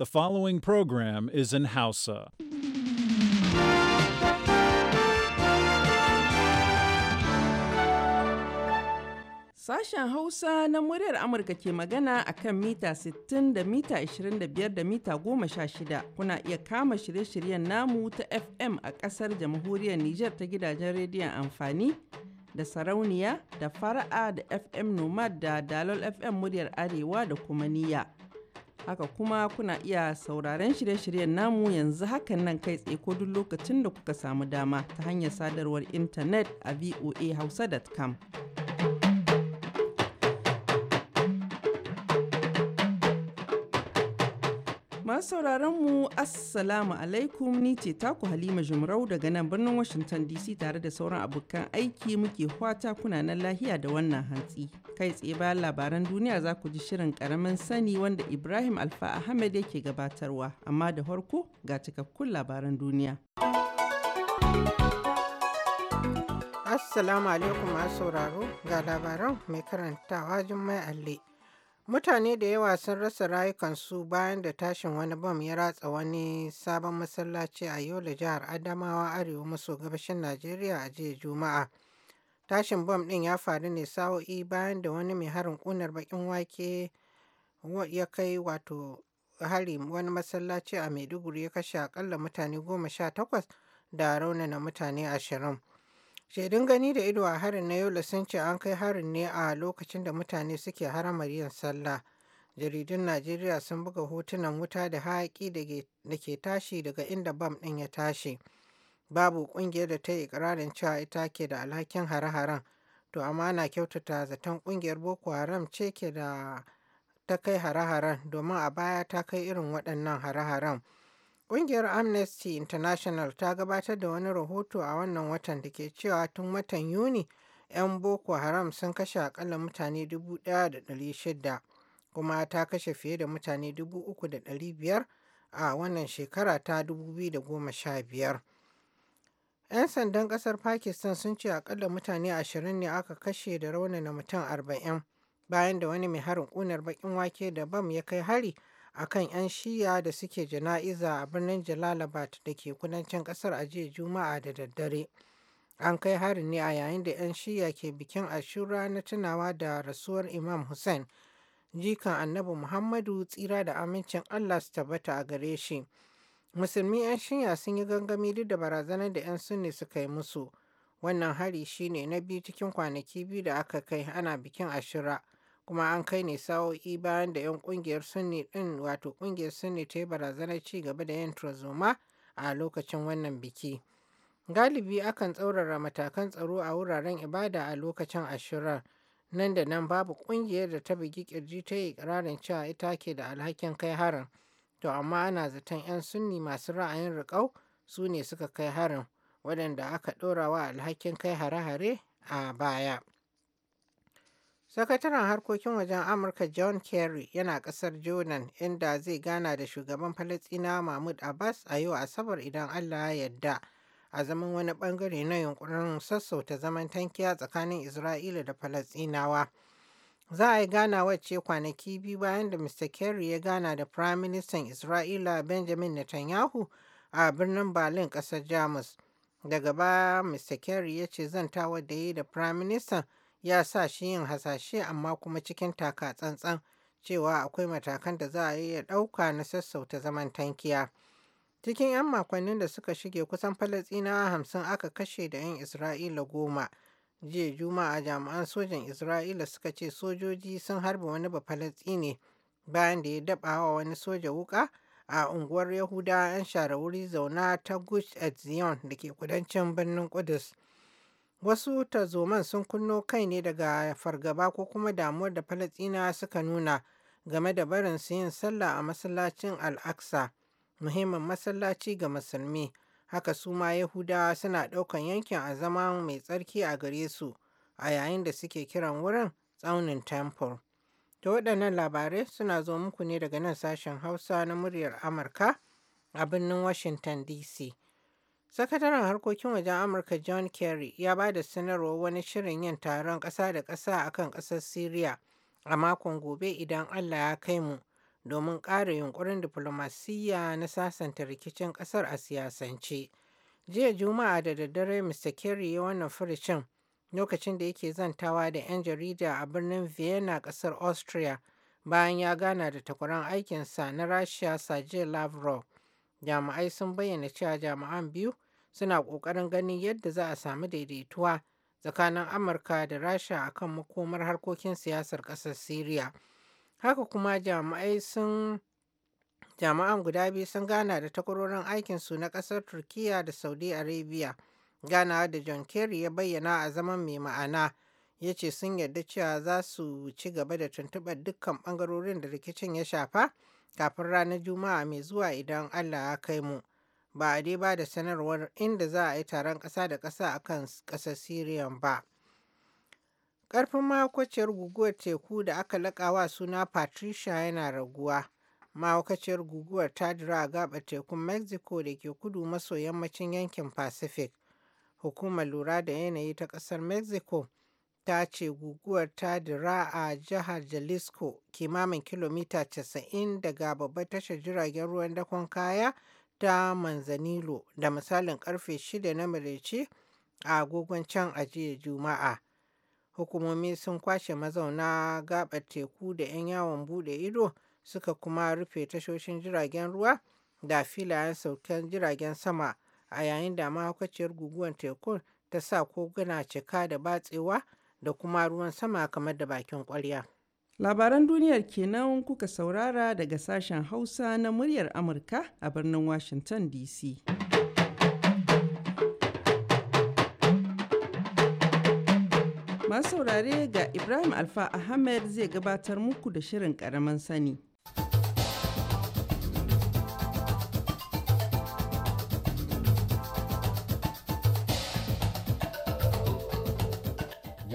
The following program is in Hausa. Sashen Hausa na muryar Amurka ke magana a kan mita 60 da mita 25 da mita 16. Kuna iya kama shirye-shiryen namu ta FM a ƙasar jamhuriyar Nijar ta gidajen rediyon amfani da sarauniya da fara'a da FM Nomad da Dalol FM muryar Arewa da kuma niyya. Haka kuma kuna iya sauraron shirye-shiryen namu yanzu hakan nan kai tsaye ko duk lokacin da kuka samu dama ta hanyar sadarwar intanet a voahausa.com. Masu sauraron mu Assalamu alaikum ni ce taku Halima Jumrau daga nan birnin Washington DC tare da sauran abokan aiki muke fata kuna nan lahiya da wannan hantsi. Kai tsaye bayan labaran duniya za ku ji shirin karamin sani wanda Ibrahim Alfa Ahmed yake gabatarwa amma da farko ga cikakkun labaran duniya. Assalamu alaikum masu sauraro ga labaran mai karantawa Jummai Alli. Mutane da yawa sun rasa rayukansu bayan da tashin wani bam ya ratsa wani sabon masallaci a Yola jihar Adamawa Arewa maso gabashin Najeriya a jiya Juma'a. Tashin bam ɗin ya faru ne sa'o'i bayan da wani mai harin ƙunar baƙin wake ya kai wato hari wani masallaci a Maiduguri ya kashe akalla mutane goma sha takwas da raunana mutane ashirin. Shaidun gani da ido a harin na yau sun ce an kai harin ne a lokacin da mutane suke haramar yin sallah. Jaridun Najeriya sun buga hotunan wuta da hayaƙi da ke tashi daga inda bam ɗin ya tashi. Babu ƙungiyar da ta yi ikirarin cewa ita ke da alhakin hare-haren. To amma ana kyautata zaton ƙungiyar Boko Haram ce ke da ta kai hare-haren domin a baya ta kai irin waɗannan hare-haren. Ƙungiyar Amnesty International ta gabatar da wani rahoto a wannan watan da ke cewa tun watan Yuni 'yan Boko Haram sun kashe akalla mutane 1,600 kuma ta kashe fiye da mutane 3,500 a wannan shekara ta 2015. 'Yan sandan ƙasar Pakistan sun ce akalla mutane ashirin ne aka kashe da raunana mutum arba'in, bayan da wani mai harin ƙunar baƙin wake da bam ya kai hari akan 'yan shiya da suke jana'iza a birnin jalalabad da ke kudancin kasar a jiya juma'a da daddare an kai harin ne a yayin da 'yan shiya ke bikin ashura na tunawa da rasuwar imam hussein jikan annabi muhammadu tsira da amincin allah su tabbata a gare shi musulmi 'yan shiya sun yi gangami duk da barazanar da 'yan sunni suka yi musu wannan hari shine na biyu cikin kwanaki biyu da aka kai ana bikin ashura kuma an kai ne sa'o'i bayan da 'yan kungiyar sunni din wato kungiyar sunni ta yi barazanar ci gaba da yin turazoma a lokacin wannan biki galibi akan tsaurara matakan tsaro a wuraren ibada a lokacin ashirar nan da nan babu kungiyar da ta bugi kirji ta yi kirarin cewa ita ke da alhakin kai harin to amma ana zaton 'yan sunni masu ra'ayin riƙau su ne suka kai harin waɗanda aka ɗorawa alhakin kai hare-hare a baya Sakataren harkokin wajen Amurka John Kerry yana ƙasar Jordan inda zai gana da shugaban Falasɗina Mahmud Abbas a yau Asabar idan Allah ya yarda. A zaman wani bangare na yunkurin sassauta zaman tankiya tsakanin Isra'ila da Falasɗinawa. Za a yi ganawa ce kwanaki biyu bayan da Mr. Kerry ya gana da Firaministan Isra'ila Benjamin Netanyahu a birnin Berlin ƙasar Jamus. Daga baya Mr. Kerry ya ce zantawar da yi da Firaministan. ya sa shi yin hasashe amma kuma cikin taka tsantsan cewa akwai matakan da za a iya ɗauka na sassauta zaman tankiya. Cikin 'yan makonnin da suka shige kusan Falasɗinawa hamsin aka kashe da 'yan Isra'ila goma. Jiya Juma'a jami'an sojan Isra'ila suka ce sojoji sun harba wani ne, bayan da ya daɓa wa wani soja wuƙa a unguwar Yahuda 'yan share wuri zauna ta Gush Etzion da ke kudancin birnin Kudus. Wasu tazoman sun kunno kai ne daga fargaba ko kuma damuwar da Falasɗinawa suka nuna game da barin su yin sallah a masallacin Al-Aqsa, muhimmin masallaci ga musulmi. Haka su ma Yahudawa suna ɗaukan yankin a zama mai tsarki a gare su a yayin da suke kiran wurin tsaunin Temple. Da waɗannan labarai suna zo muku ne daga nan sashen Hausa na muryar Amurka a birnin Washington DC. Sakataren harkokin wajen Amurka John Kerry ya ba da sanarwar wani shirin yin taron ƙasa da ƙasa a kan ƙasar Siriya a makon gobe idan Allah ya kai mu domin ƙara yunkurin diflomasiyya na sasanta rikicin ƙasar a siyasance. Jiya Juma'a da daddare Mr. Kerry ya wannan furucin lokacin da yake zantawa da 'yan jarida a birnin Vienna ƙasar Austria bayan ya gana da takwaran aikinsa na Rasha Sergei Lavrov. jami'ai sun bayyana cewa jami'an biyu suna ƙoƙarin ganin yadda za a samu daidaituwa tsakanin amurka da rasha akan makomar harkokin siyasar ƙasar syria haka kuma jami'ai sun jami'an guda biyu sun gana da takwarorin aikinsu na ƙasar turkiya da saudi arabia gana da john kerry ya bayyana a zaman mai ma'ana ya ce sun yarda cewa za su ci gaba da tuntuɓar dukkan ɓangarorin da rikicin ya shafa kafin ranar Juma'a mai zuwa idan Allah ya kai mu. Ba a dai ba da sanarwar inda za a yi taron ƙasa da ƙasa a kan ƙasar syria ba. Ƙarfin mahaukaciyar guguwar teku da aka laƙawa suna Patricia yana raguwa. Mahaukaciyar guguwar ta dira a gaba tekun Mexico da ke kudu maso yammacin yankin Pacific. Hukumar lura da yanayi ta ƙasar Mexico ta ce guguwar ta dira a jihar Jalisco kimamin kilomita 90 daga babbar tashar jiragen ruwan dakon kaya ta Manzanilo da misalin karfe 6 na maraice a agogon can ajiye Juma'a. Hukumomi sun kwashe mazauna gabar teku da 'yan yawon bude ido suka kuma rufe tashoshin jiragen ruwa da filayen saukan jiragen sama a yayin da mahaukaciyar guguwar tekun ta sa koguna cika da batsewa da kuma ruwan sama kamar da bakin kwarya. Labaran duniyar kenan kuka saurara daga sashen Hausa na muryar Amurka a birnin Washington DC. Masu saurare ga Ibrahim Alfa Ahmed zai gabatar muku da shirin ƙaramin sani.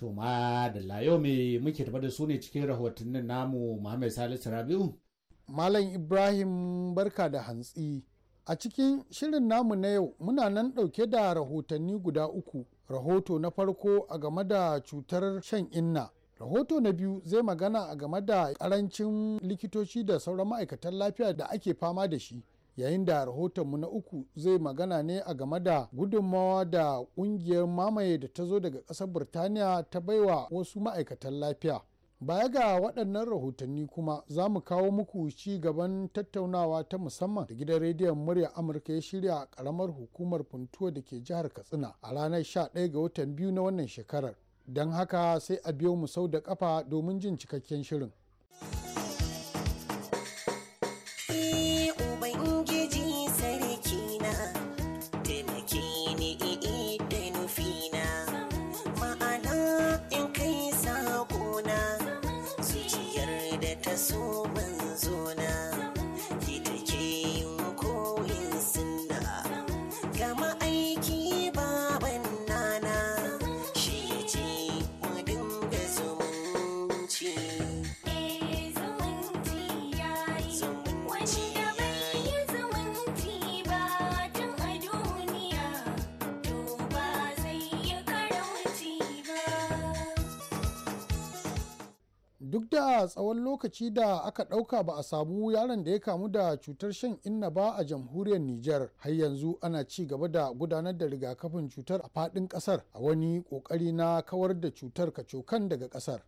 To ma da layo me muke tafa da su ne cikin rahotannin namu Muhammad Salisu Rabiu. Malam Ibrahim barka da hantsi. A cikin shirin namu na yau muna nan ɗauke da rahotanni guda uku. Rahoto na farko a game da cutar shan inna. Rahoto na biyu zai magana a game da karancin likitoci da sauran ma'aikatan lafiya da ake fama da shi. yayin da rahotonmu na uku zai magana ne a game da gudunmawa da kungiyar mamaye da ta zo daga ƙasar burtaniya ta baiwa wasu ma'aikatan lafiya baya ga waɗannan rahotanni kuma za mu kawo muku ci gaban tattaunawa ta musamman da gidan rediyon murya amurka ya shirya a ƙaramar hukumar puntuwa da ke jihar katsina a ranar 11 ga watan biyu na wannan shekarar don haka sai a biyo mu sau da ƙafa domin jin cikakken shirin. a tsawon lokaci da aka ɗauka ba a samu yaron da ya kamu da cutar shan inna ba a jamhuriyar Nijar har yanzu ana ci gaba da gudanar da rigakafin cutar a faɗin ƙasar a wani ƙoƙari na kawar da cutar kacokan daga ƙasar.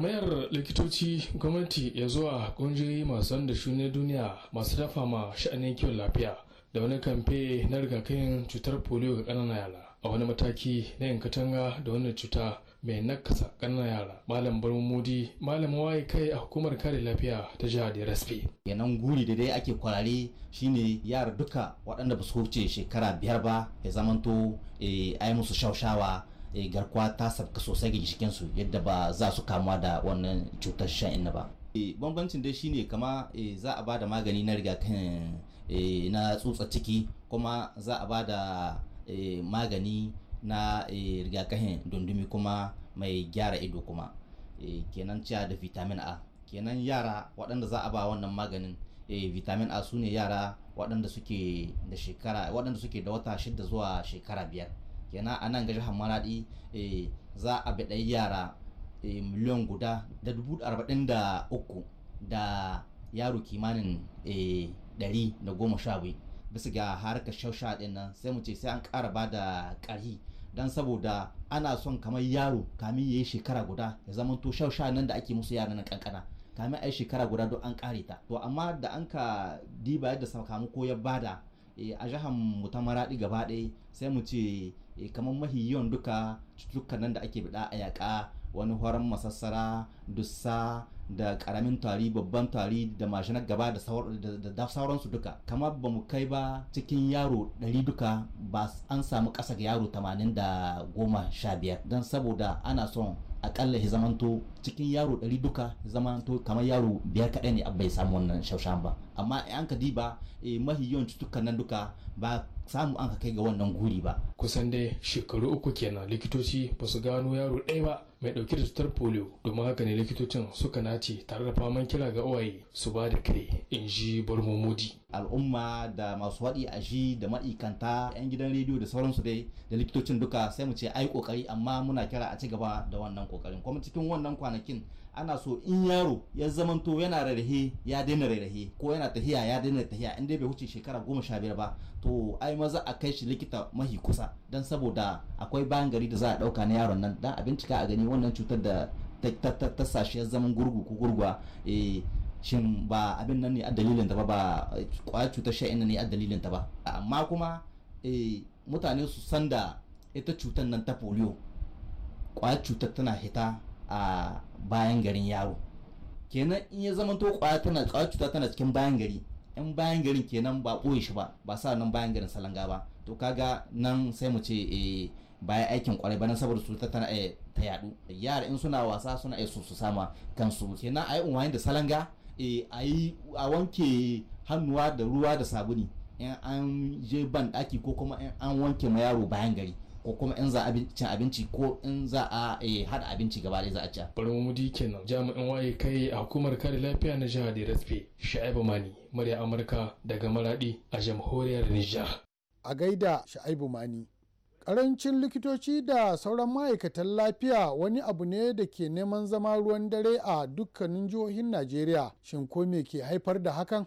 mayar likitoci gwamnati ya zuwa kungiyoyi masu da shune duniya masu dafa ma sha'anin kiwon lafiya da wani kamfe na rigakafin cutar polio ga ƙananan yara a wani mataki na yin katanga da wannan cuta mai nakasa ƙananan yara malam barmudi malam waye kai a hukumar kare lafiya ta jihar raspe kenan guri da dai ake kwarare shine yara duka waɗanda ba su wuce shekara biyar ba ya zamanto eh, a yi musu shaushawa eh, garkuwa ta sabka sosai ga jikinsu yadda ba za su kamuwa da wannan cutar shan inna ba eh, bambancin dai shine kama za a ba magani na rigakafin na tsutsa ciki kuma za a ba da magani na eh, rigakafin dundumi kuma mai gyara ido kuma eh, kenan cewa da vitamin a kenan yara waɗanda za a ba wannan maganin eh, vitamin a su ne yara waɗanda suke da da wata shida zuwa shekara biyar kenan a nan ga jihar maradi za a bi ɗai yara miliyan guda da dubu arba'in da uku da yaro kimanin ɗari da goma sha biyu bisa ga harkar shausha din nan sai mu ce sai an ƙara ba da ƙarhi don saboda ana son kamar yaro kamin ya yi shekara guda ya zama to shausha nan da ake musu yaran kankana kamin a yi shekara guda don an ƙare ta to amma da an ka diba yadda sakamako ya bada eh, a jihar mu ta maraɗi gaba ɗaya sai mu ce eh, kamar mahiyon duka cututtukan nan da ake bida a yaƙa wani horon masassara dussa da karamin tari babban tari da mashinar gaba da sauransu duka kamar ba mu kai ba cikin yaro 100 duka ba an samu ƙasa ga yaro 80 da goma sha biyar don saboda ana son akalla ya zamanto cikin yaro 100 duka zamanto kamar yaro biyar kaɗai ne bai samu wannan shaushan ba amma an ka diba eh, mahi yawan nan duka ba samu an ka kai ga wannan guri ba kusan dai shekaru uku kenan likitoci ba su gano yaro ɗaya ba mai ɗauke da cutar polio domin haka ne likitocin suka nace tare da faman kira ga uwaye su ba da kai in ji barmomodi al'umma da masu waɗi a shi da ma'aikanta 'yan gidan rediyo da sauransu dai da likitocin duka sai mu ce ai kokari amma muna kira a ci gaba da wannan kokarin kuma cikin wannan kwanakin ana so in yaro ya zamanto yana rarrahe ya daina rarrahe ko yana tahiya ya daina tahiya in bai wuce shekara goma sha biyar ba to ai maza a kai shi likita mahi kusa don saboda akwai bayan gari da za a ɗauka na yaron nan don a bincika a gani wannan cutar da ta sashi ya zaman gurgu ko gurguwa eh, shin ba abin nan ne a dalilin ta ba ba kwaya cutar sha'in ne a dalilin ta ba amma kuma eh, mutane su san da ita cutar nan ta polio kwaya cutar tana hita a bayan garin yaro kenan in ya zama to kwaya tana kwaya cuta tana cikin bayan gari in bayan garin kenan ba ɓoye shi ba ba sa nan bayan garin salanga ba to kaga nan sai mu ce eh bayan aikin kwarai ba nan saboda cuta tana eh, ta yadu yara in suna wasa suna eh, su su sama kansu kenan ayi da salanga eh, ayi a wanke hannuwa da ruwa da sabuni in an je ban daki ko kuma in an wanke ma yaro bayan gari ko kuma in za a cin abinci ko in za a eh, haɗa abinci gaba da za a ci. bari mu mudi kenan jami'in waye kai a hukumar kare lafiya na jihar da raspe sha'ibu mani murya amurka daga maradi a jamhuriyar nijar. a gaida sha'ibu mani karancin likitoci da sauran ma'aikatan lafiya wani abu ne da ke neman zama ruwan dare a dukkanin jihohin najeriya shin ko me ke haifar da hakan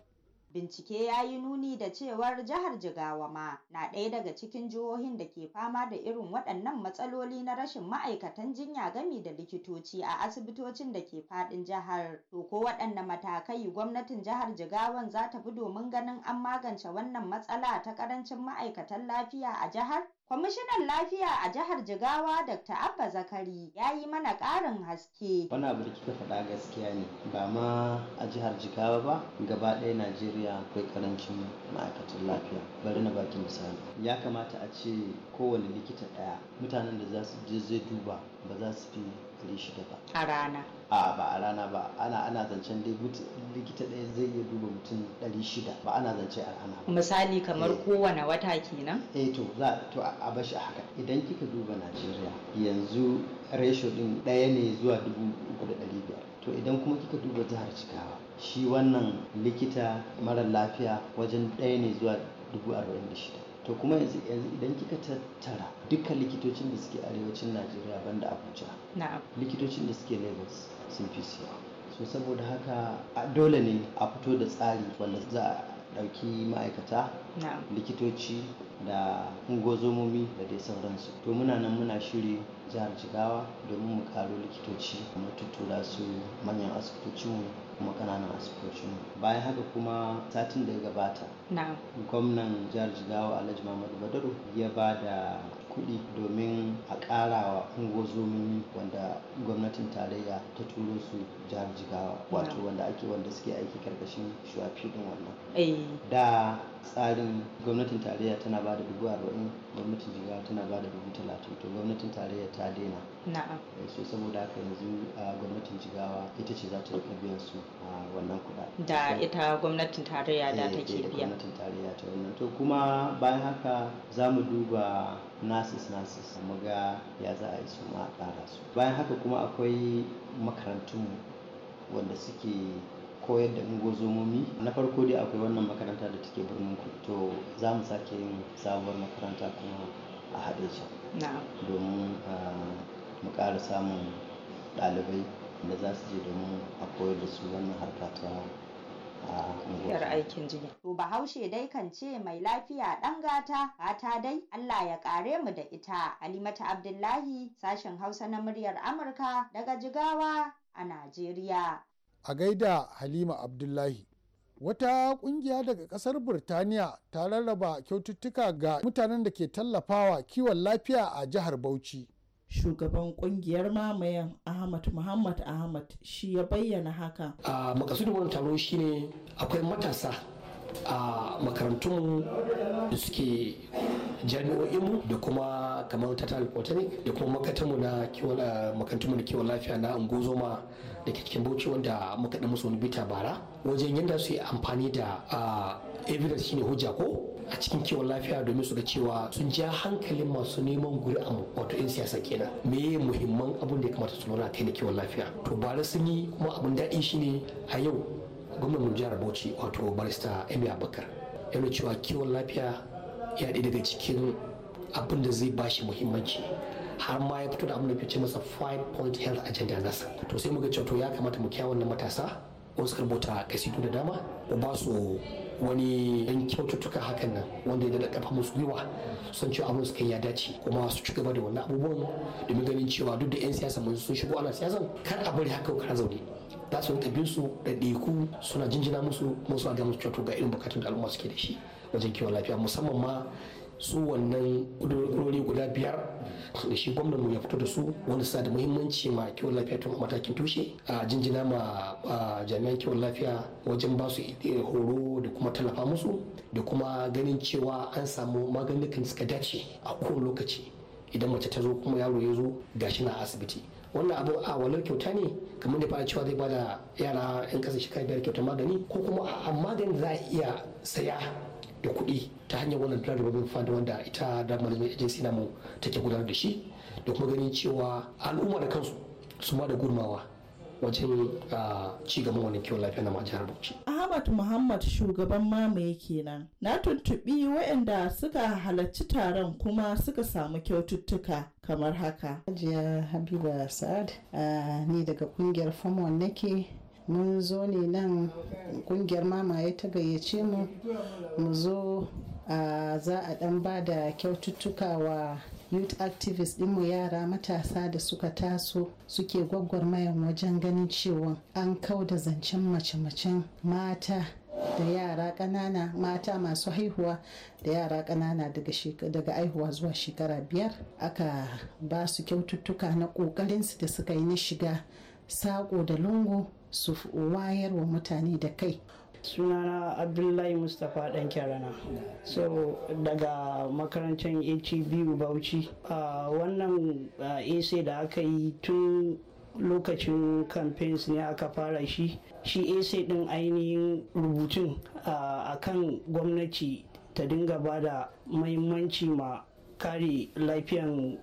Bincike ya yi nuni da cewar jihar Jigawa ma na ɗaya daga cikin jihohin da ke fama da irin waɗannan matsaloli na rashin ma'aikatan jinya gami da likitoci a asibitocin da ke faɗin jihar. To ko waɗanne matakai gwamnatin jihar Jigawan za ta bi domin ganin an magance wannan matsala ta ƙarancin ma'aikatan lafiya a jihar? Kwamishinan Lafiya a Jihar Jigawa Dr. Abba Zakari ya yi mana ƙarin haske. Wani abu da kika faɗa gaskiya ne ba ma a jihar Jigawa ba gaba ɗaya Najeriya akwai ƙarancin ma'aikatan lafiya. Bari na baki misali. Ya kamata a ce kowane likita ɗaya mutanen da za su je zai duba ba za su fi ba a rana a ba a rana ba ana ana zancen dai likita ɗaya zai iya duba mutum ɗari shida ba ana zance a rana ba misali kamar eh. kowane wata kenan eh to za to a bashi haka idan kika duba najeriya yanzu ratio ɗin ɗaya ne zuwa dubu uku da ɗari biyar to idan kuma kika duba jihar cikawa shi wannan likita mara lafiya wajen ɗaya ne zuwa dubu arba'in da shida to kuma yanzu idan kika tattara dukkan likitocin da suke arewacin najeriya banda abuja likitocin da suke lagos sun fi siya so saboda haka dole ne a fito da tsari wanda za a ɗauki ma'aikata likitoci da ungozomomi da dai sauransu to muna nan muna shiri jihar jigawa domin mu karo likitoci mu tuttura su manyan asibitocinmu kuma kananan asibitocinmu bayan haka kuma satin da ya gabata gwamnan jihar jigawa alhaji mamadu badaru ya ba da kuɗi domin a ƙarawa ungozomomi wanda gwamnatin tarayya ta turo su jihar jigawa wato wanda ake wanda suke aiki karkashin shuwafi ɗin wannan eh. da tsarin gwamnatin tarayya tana ba da dubu arba'in gwamnatin jigawa tana ba da dubu talatin to gwamnatin tarayya ta daina na'am eh, so saboda haka yanzu ah, gwamnatin jigawa ita ce za ta rika biyan su ah, wannan kuɗa da ita gwamnatin tarayya eh, eh, da take biya gwamnatin tarayya ta wannan to kuma bayan haka za mu duba nasis nasis mu ga ya za a yi su ma a ƙara su bayan haka kuma akwai makarantunmu wanda suke koyar da ungozomomi. Na farko dai akwai wannan makaranta da take birnin ku to za mu sake yin sabuwar makaranta kuma a haɗe shi Domin ah, mu ƙara samun ɗalibai da za su je domin a koyar da su wannan harka ta ah, Yar aikin jini. To Bahaushe dai kan ce mai lafiya ɗan gata, gata dai Allah ya ƙare mu da ita. alimata Abdullahi sashen Hausa na muryar Amurka daga Jigawa a Najeriya. a gaida halima abdullahi wata kungiya daga kasar burtaniya ta rarraba kyaututtuka ga mutanen da ke tallafawa kiwon lafiya a jihar bauchi shugaban kungiyar mamayan ahmad muhammad ahmad shi ya bayyana haka a makasudin wani taro shine akwai matasa a makarantunmu da suke jami'o'inmu da kuma kamar ta botanic da kuma makatanmu na kiwon eh, makantunmu na kiwon lafiya na ungozoma da ke cikin bauchi wanda muka da musu wani bita bara wajen yanda su yi amfani da eh, evidence shine hujja ko a cikin kiwon lafiya domin su ga cewa sun ja hankalin masu neman a wato 'yan siyasa kenan me muhimman abin da ya kamata su lura kai na kiwon lafiya to bara sun yi kuma abun daɗi shine a yau gwamnan jihar bauchi wato barista emi abubakar yana cewa kiwon lafiya ya ɗaya daga cikin abin da zai shi muhimmanci har ma ya fito da abin da ke ce masa five point health agenda nasa to sai muga cewa to ya kamata mu kyawun na matasa ko suka rubuta kasidu da dama ko ba su wani ɗan kyaututtuka hakan nan wanda ya da ƙafa musu gwiwa sun ce abin su kai ya dace kuma su ci gaba da wani abubuwan domin ganin cewa duk da yan siyasa mun sun shigo ana siyasan kar a bari haka kar zaune za su rinka su da ɗaiku suna jinjina musu musu a ga musu cewa ga irin bukatun da al'umma suke da shi wajen kiwon lafiya musamman ma su wannan kudurori guda biyar da shi gwamnan mu ya fito da su wani sa da muhimmanci ma kiwon lafiya tun matakin tushe a jinjina ma jami'an kiwon lafiya wajen ba su e, horo da kuma tallafa musu da kuma ganin cewa an samu maganin suka dace a kowane lokaci idan mace ta zo kuma yaro ya zo ga shi na asibiti wannan abu a walar kyauta ne kamar da fara cewa zai bada yara yan kasa shekara biyar kyautar magani ko kuma a maganin za a iya saya da kuɗi ta hanyar wannan plan revolving fund wanda ita da management agency namu take gudanar da shi da kuma ganin cewa al'umma da kansu su ma da gudunmawa wajen ah, ci gaban wannan kiwon lafiya na majiyar Bauchi. Ahmad Muhammad shugaban mamaye kenan. Na tuntuɓi waɗanda suka halarci taron kuma suka samu kyaututtuka kamar haka. Hajiya Habiba Sa'ad ah, ni daga kungiyar Famon nake mun zo ne nan kungiyar mamaye ta gayyace mu mu zo a za a dan ba da kyaututtuka wa youth activist dinmu yara matasa da suka taso suke gwaggwarmayan wajen ganin cewa an kau da zancen mace-macen mata da yara ƙanana mata masu haihuwa da yara kanana daga haihuwa zuwa shekara biyar aka ba su kyaututtuka na ƙoƙarinsu da suka yi na shiga sako da lungu su wayar wa mutane da kai sunana abdullahi mustapha dan kyarana so daga makarantar hbu e bauchi uh, wannan uh, da aka yi tun lokacin campaigns ne aka fara shi shi ese din ainihin rubutun uh, kan gwamnati ta dinga ba da mahimmanci ma kare lafiyan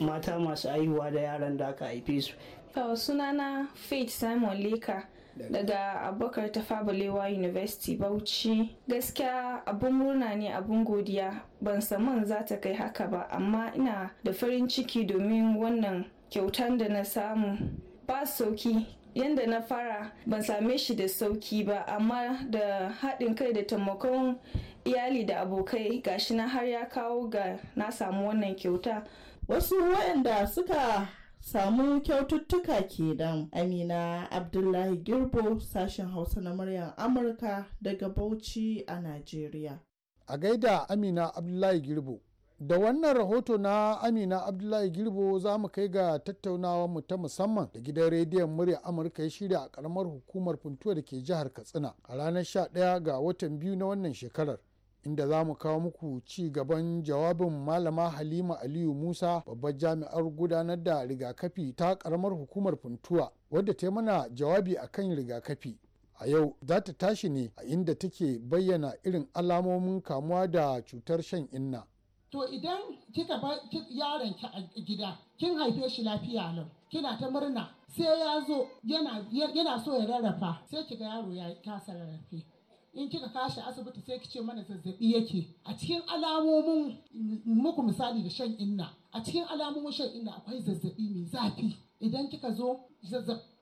mata masu aihuwa da yaran da aka haife su To sunana Faith Simon Leka daga abokar ta Fabalewa University Bauchi. Gaskiya abun murna ne abun godiya ban saman za ta kai haka ba amma ina da farin ciki domin wannan kyautan da na samu. Ba sauki yanda na fara ban same shi da sauki ba amma da haɗin kai da taimakon iyali da abokai gashi na har ya kawo ga na samu wannan kyauta. Wasu waɗanda suka samu kyaututtuka kenan amina abdullahi girbo sashen hausa na muryar amurka daga bauchi a nigeria. a gaida amina abdullahi girbo da wannan rahoto na amina abdullahi girbo za mu kai ga tattaunawar mu ta musamman da gidan rediyon murya amurka ya shirya a karamar hukumar funtuwa da ke jihar katsina a ranar 11 ga watan biyu na wannan shekarar inda za mu kawo muku ci gaban jawabin malama halima aliyu musa babbar jami'ar gudanar da rigakafi ta karamar hukumar funtuwa wadda ta mana jawabi akan rigakafi a yau za ta tashi ne a inda take bayyana irin alamomin kamuwa da cutar shan inna to idan kika ba yaron ki a gida kin haife shi lafiya lau kina ta murna sai ya zo yana so ya rarrafa sai kiga yaro ya kasa rarrafe in kika kashi asibiti sai kice mana zazzabi yake a cikin alamomin muku misali da shan inna a cikin alamomin shan inna akwai zazzabi mai zafi idan kika zo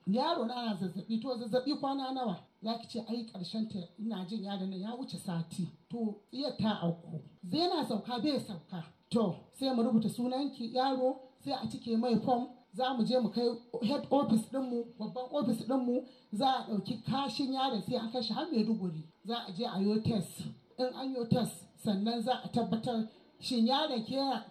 yaro na na zazzabi to zazzabi kwana nawa ya kice ai karshen ta ina jin yaro nan ya wuce sati to iya ta auku zai na sauka bai sauka to sai mu rubuta sunanki yaro sai a cike mai fom za mu je mu kai head office dinmu babban office dinmu za a ɗauki kashin yaron sai an kashi har maiduguri za a je a yi test in an yi test sannan za a tabbatar shin yaron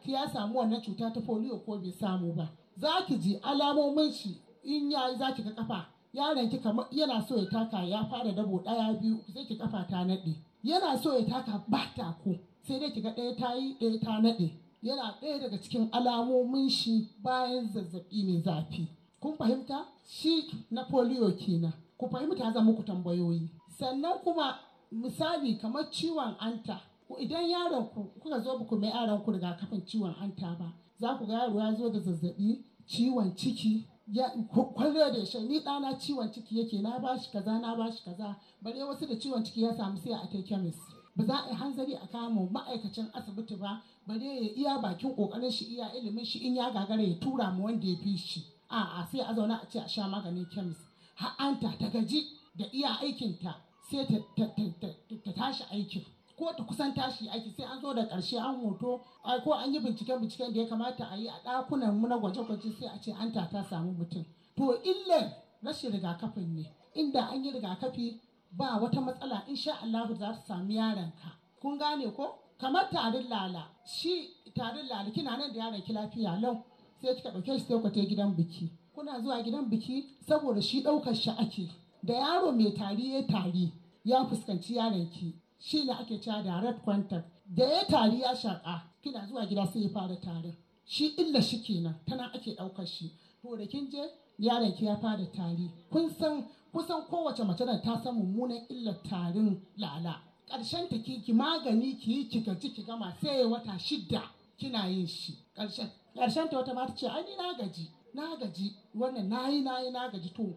ki ya samu wannan cuta ta polio ko bai samu ba za ki ji alamomin shi in ya yi za ki ga kafa yaron ki kamar yana so ya taka ya fara dabo ɗaya biyu sai ki kafa ta naɗe yana so ya taka ba ta ko sai dai ki ga ɗaya ta yi ɗaya ta naɗe yana ɗaya daga cikin alamomin shi bayan zazzaɓi mai zafi kun fahimta shi na polio kenan ku fahimta zan muku tambayoyi sannan kuma misali kamar ciwon anta idan yaron ku kuka zo ku mai yaron ku kafin ciwon anta ba za ku ga yaro ya zo da zazzabi ciwon ciki ya kwallo da shi ni ɗana ciwon ciki yake na bashi kaza na bashi kaza bare wasu da ciwon ciki ya samu sai a take chemist ba za a yi hanzari a kama ma'aikacin asibiti ba bare ya iya bakin kokarin shi iya ilimin shi in ya gagara ya tura mu wanda ya fi shi 'a sai a zauna a ce a sha maganin kemis ha'anta ta gaji da iya aikinta sai ta tashi aikin ko ta kusan tashi aiki sai an zo da karshe an hoto ko an yi binciken binciken da ya kamata a yi a ɗakunan mu na gwaje-gwaje sai a ce an ta samu mutum to illar rashin rigakafin ne inda an yi rigakafi ba wata matsala in insha Allah za ta sami ka kun gane ko kamar tarin lala shi tarin lala kina nan da yaran ki lafiya lau sai kika dauke shi sai ku je gidan biki kuna zuwa gidan biki saboda shi daukar shi ake da yaro mai tari ya tari ya fuskanci yaran ki shi ne ake cewa direct contact da ya tari ya shaka kina zuwa gida sai ya fara tarin shi illa shi kenan tana ake daukar shi to da kin je yaran ki ya fara tari kun san kusan kowace mace da ta san mummunan illar tarin lala ƙarshen ta ki magani ki yi ki gaji ki gama sai wata shida kina yin shi ƙarshen ƙarshen ta wata mata ce ai na gaji na gaji wannan nayi nayi na gaji to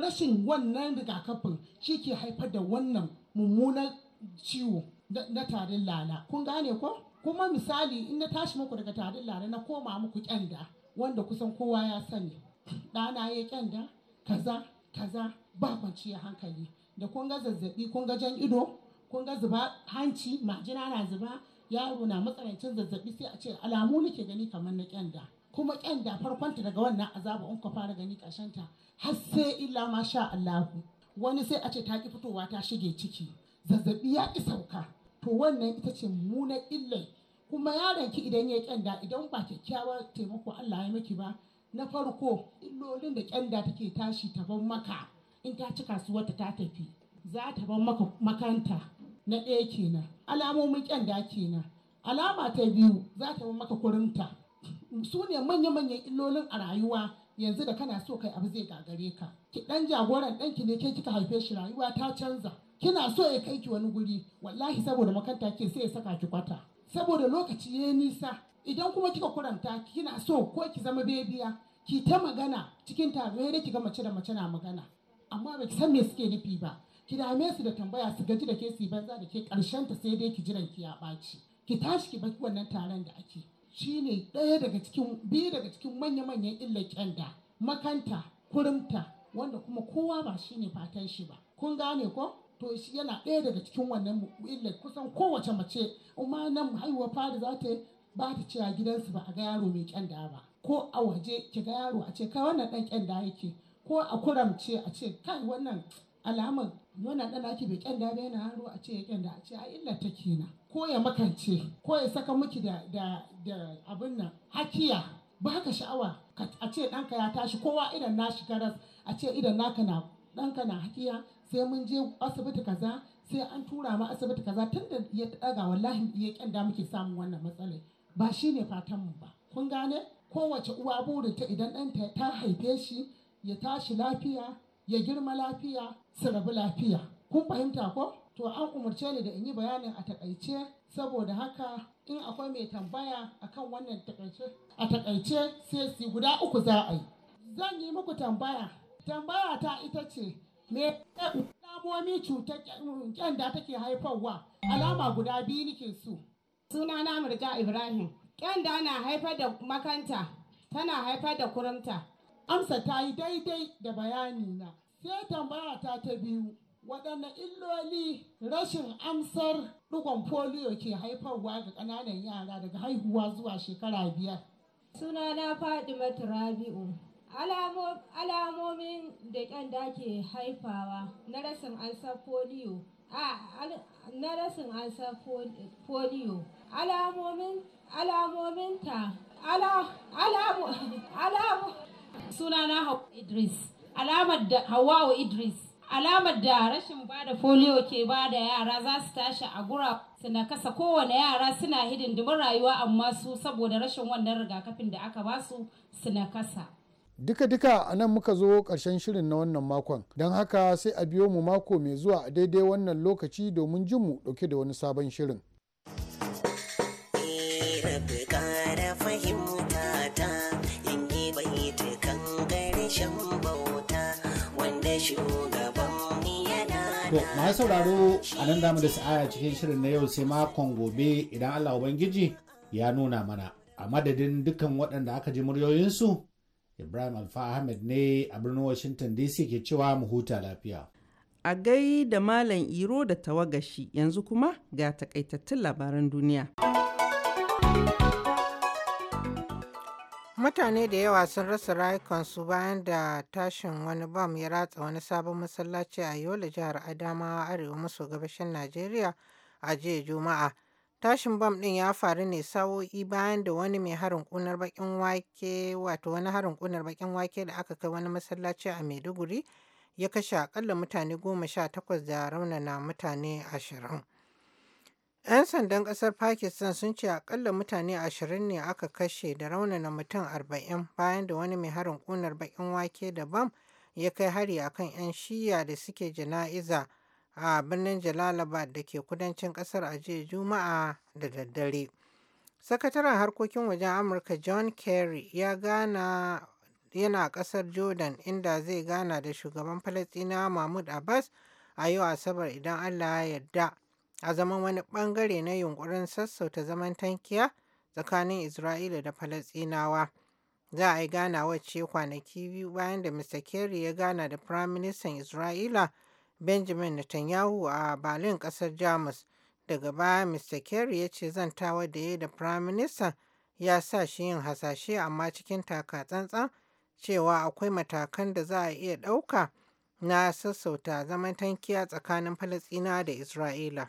rashin wannan rigakafin shi ke haifar da wannan mummunan ciwo na tarin lala kun gane ko kuma misali in na tashi muku daga tarin lala na koma muku kyanda wanda kusan kowa ya sani ɗana ya kyanda kaza kaza ba kwanciyar hankali da kun ga zazzaɓi kun ga jan ido kun ga zuba hanci majina na zuba yaro na matsanancin zazzabi sai a ce alamu nake gani kamar na kyanda kuma kyanda ta daga wannan azaba in ka fara gani ta har sai illa ma sha Allahu wani sai a ce ta ki fitowa ta shige ciki zazzabi ya ki sauka to wannan ita ce muna illai kuma yaron ki idan ya kyanda idan ba kyakkyawar taimako Allah ya maki ba na farko illolin da kyanda take tashi ta ban maka in ta ci kasuwarta ta tafi za ta bar maka makanta na ɗaya kenan alamomin kyanda kenan alama ta biyu za ta bar maka kurinta su ne manya-manyan illolin a rayuwa yanzu da kana so kai abu zai gagare ka ki dan jagoran ɗanki ne ke kika haife shi rayuwa ta canza kina so ya kai ki wani guri wallahi saboda makanta ke sai ya saka ki kwata saboda lokaci ya nisa idan kuma kika kuranta kina so ko ki zama bebiya ki ta magana cikin tare da ki ga mace da mace na magana amma ba ki san me suke nufi ba ki dame su da tambaya su gaji da ke su banza da ke karshen ta sai dai ki jiran ki ya ɓaci ki tashi ki baki wannan taron da ake shine ɗaya daga cikin biyu daga cikin manya-manyan illar kyanda makanta kurumta wanda kuma kowa ba shine fatan shi ba kun gane ko to shi yana ɗaya daga cikin wannan illar kusan kowace mace amma nan haihuwa fari za ta ba ta cewa gidansu ba a ga yaro mai kyanda ba ko a waje ki ga yaro a ce kai wannan dan kyanda yake ko a kuramce a ce kai wannan alamar wannan ɗan ake bai kyanda ba yana haro a ce ya kyanda a ce a illa ta kenan ko ya makance ko ya saka miki da da da abin nan hakiya ba ka sha'awa a ce ɗanka ya tashi kowa idan na shi karas a ce idan naka na ɗanka na hakiya sai mun je asibiti kaza sai an tura ma asibiti kaza tun da ya ɗaga wallahi ya kyanda muke samun wannan matsalai ba shi ne mu ba kun gane kowace uwa burinta idan ɗanta ta haife shi ya tashi lafiya ya girma lafiya su rabu lafiya kun fahimta ko to an umarce ni da in yi bayanin a takaice saboda haka in akwai mai tambaya akan wannan takaice a takaice sai su guda uku za a yi zan yi muku tambaya tambaya ta ita ce me alamomi cutar kyanda take haifarwa alama guda biyu nake so suna na murja ibrahim kyanda na haifar da makanta tana haifar da kurumta amsa ta yi daidai da bayani na sai tambaya ta ta biyu waɗanne illoli rashin amsar ɗigon foliyo ke haifarwa ga ƙananan yara daga haihuwa zuwa shekara biyar suna sunana fadima rabi'u alamomin da ƙyanda ke haifawa na rasin ansar foliyo na rashin ansar foliyo alamomin alamomin ta sunana Idris alamar da Hawwa Idris alamar da rashin bada folio ke bada yara za su tashi a gura suna kasa kowane yara suna hidindimin rayuwa amma su saboda rashin wannan rigakafin da aka basu suna kasa Duka-duka a nan muka zo ƙarshen shirin na wannan makon, don haka sai a biyo mu mako mai zuwa a daidai wannan lokaci domin jin mu ɗauke da wani sabon shirin. To, masu sauraro a nan damu da sa'aya cikin shirin na yau sai makon gobe idan Allah Ubangiji ya nuna mana. A madadin dukkan waɗanda aka ji muryoyinsu, Ibrahim Alfa Ahmed ne a birnin Washington DC ke cewa mu huta lafiya. A gai da Malam Iro da tawagashi yanzu kuma ga takaitattun labaran duniya. Mutane da yawa sun rasa rayukansu bayan da tashin wani bam ya ratsa wani sabon masallaci a Yola jihar Adamawa arewa maso gabashin Najeriya a jiya Juma'a. Tashin bam din ya faru ne sa'o'i bayan da wani mai harin kunar bakin wake wato wani harin kunar bakin wake da aka kai wani masallaci a Maiduguri ya kashe akalla mutane goma sha takwas da raunana mutane ashirin. ‘Yan sandan ƙasar Pakistan sun ce akalla mutane ashirin ne aka kashe da raunana mutum arba'in bayan da wani mai harin ƙunar baƙin wake da bam ya kai hari akan 'yan shiya da suke jana'iza a birnin Jalalabad da ke kudancin ƙasar a jiya Juma'a da daddare. Sakataren harkokin wajen Amurka John Kerry ya gana yana ƙasar Jordan inda zai gana da shugaban falastina Mahmud Abbas a yau Asabar idan Allah ya yarda. a zaman wani bangare na yunkurin sassauta zaman tankiya tsakanin Isra'ila da Falasɗinawa. Za a yi ganawa ce kwanaki biyu bayan da Mr. Kerry ya gana da Firaministan Isra'ila Benjamin Netanyahu a Berlin kasar Jamus. Daga baya Mr. Kerry ya ce zantawa da ya da Firaministan ya sa shi yin hasashe amma cikin taka tsantsan cewa akwai matakan da za a iya ɗauka na sassauta zaman tankiya tsakanin falasina da Isra'ila.